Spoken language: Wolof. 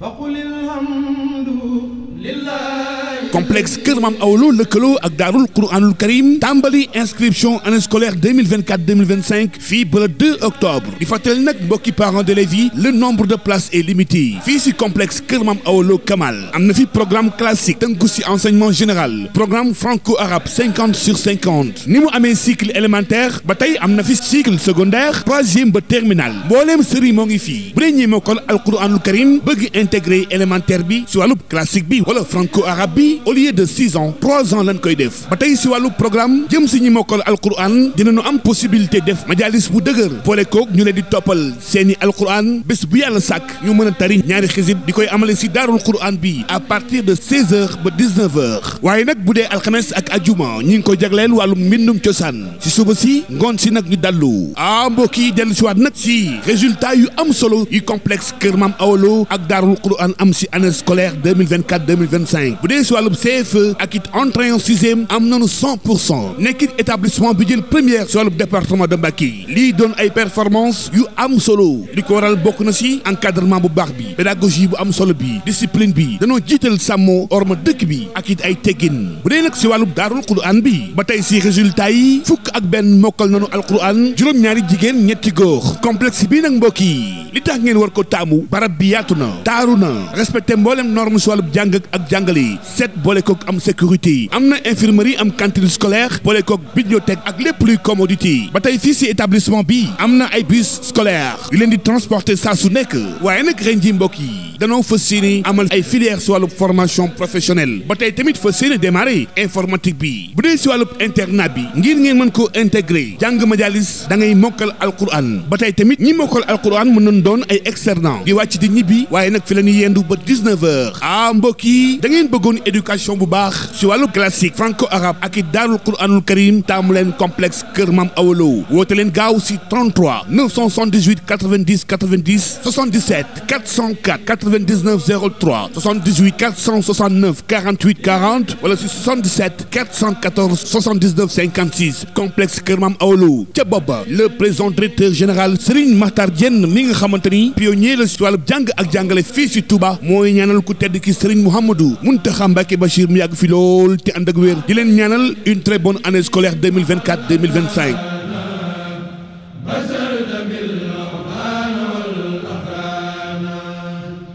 fa qul alhamdu lillah complexe Kër Maam Awlo lëkkaloo ak Daarul Qur'anul Karim tàmbali inscription année scolaire 2024 2025 fii ba le 2 octobre di fàttali nag mbokki parents d'élèves yi le nombre de places est limité fii si complexe Kër Maam Awlo Kamal am na fi programme classique tënku si enseignement général programme franco-arabe 50 sur 50 ni mu amee cycle élémentaire ba tey am na fi cycle secondaire troisième ba terminal mbooleem seri moo ngi fii bu dee ñi mokkal Alqur'anul Karim bëgg intégrer élémentaire bi si wàllub classique bi wala franco-arabe bi au lieu de six ans trois ans lañ koy def ba tey si wàllu programme jëm si ñi mokkal alquran dinañu am possibilité def majalis bu dëgër boole koog ñu leen di toppal seeni alquran bés bu yàlla sàkk ñu mën a tari ñaari xisib di koy amale si daarul quran bi à partir de seize heures ba dix-neuf heures waaye nag bu dee alxames ak ajuma ñu ngi ko jagleel wàllu mbindum cosaan si suba si ngoon si nag ñu dallu ah mbokk yi dellu si waat nag si résultat yu am solo yu complexe Kër Maam Awalo ak daarul wàllum CFE ak it entrée en sixième am nañu cent pour cent nekkit établissement bi jël première si wàllum département de Mbacké lii doon ay performance yu am solo li ko waral bokk na si encadrement bu baax bi pédagogie bu am solo bi discipline bi danoo jiital sàmmoo orma dëkk bi ak it ay teggin bu dee nag si wàllum daarul Qur'an bi ba tey si résultat yi fukk ak benn mokkal nañu alquran juróom-ñaari jigéen ñetti góor complexe bii nag mbokk yi li tax ngeen war ko taamu barab bi yaatu na taaru na respecté mboolem norme si wàllum jàng ak jàngale yi boole kook am sécurité yi am na infirmerie am cantine scolaire boole kook bibliothèque ak lépp luy commodité yi ba tey fii si établissement bi am na ay bus scolaire yu leen di transporté sa su nekk waaye nag ren ji mbokk yi danoo fas yéene amal ay filière si wàllub formation professionnelle ba tey tamit fas yéene démarré informatique bi bu dee si wàllub internat bi ngir ngeen mën ko intégré jàng majalis da ngay mokkal alquran ba tey tamit ñi mokkal alquran mën nañ doon ay externant di wàcc di ñibbi waaye nag fi la ñuy yendu ba 19 heures ah mbokk da ngeen bëggoon éducation bu baax si wàllu classique franco arabe ak i daarul quranul karim taamu leen complexe kër maam awolo woote leen gaaw si 33 978 90 90 77 404 99 03 78 469 48 40 wala si 77 414 79 56 complexe Kër Maam Awlo ca booba le président directeur général Serigne Makhtar Diène mi nga xamante ni pionnier la si wàllu jàng ak jàngale fii si Touba mooy ñaanal ku tedd ki Serigne Mouhamadou Mountakha Mbacké Bachir mu yàgg fi lool te ànd ak wér di leen ñaanal une très bonne année scolaire 2024 2025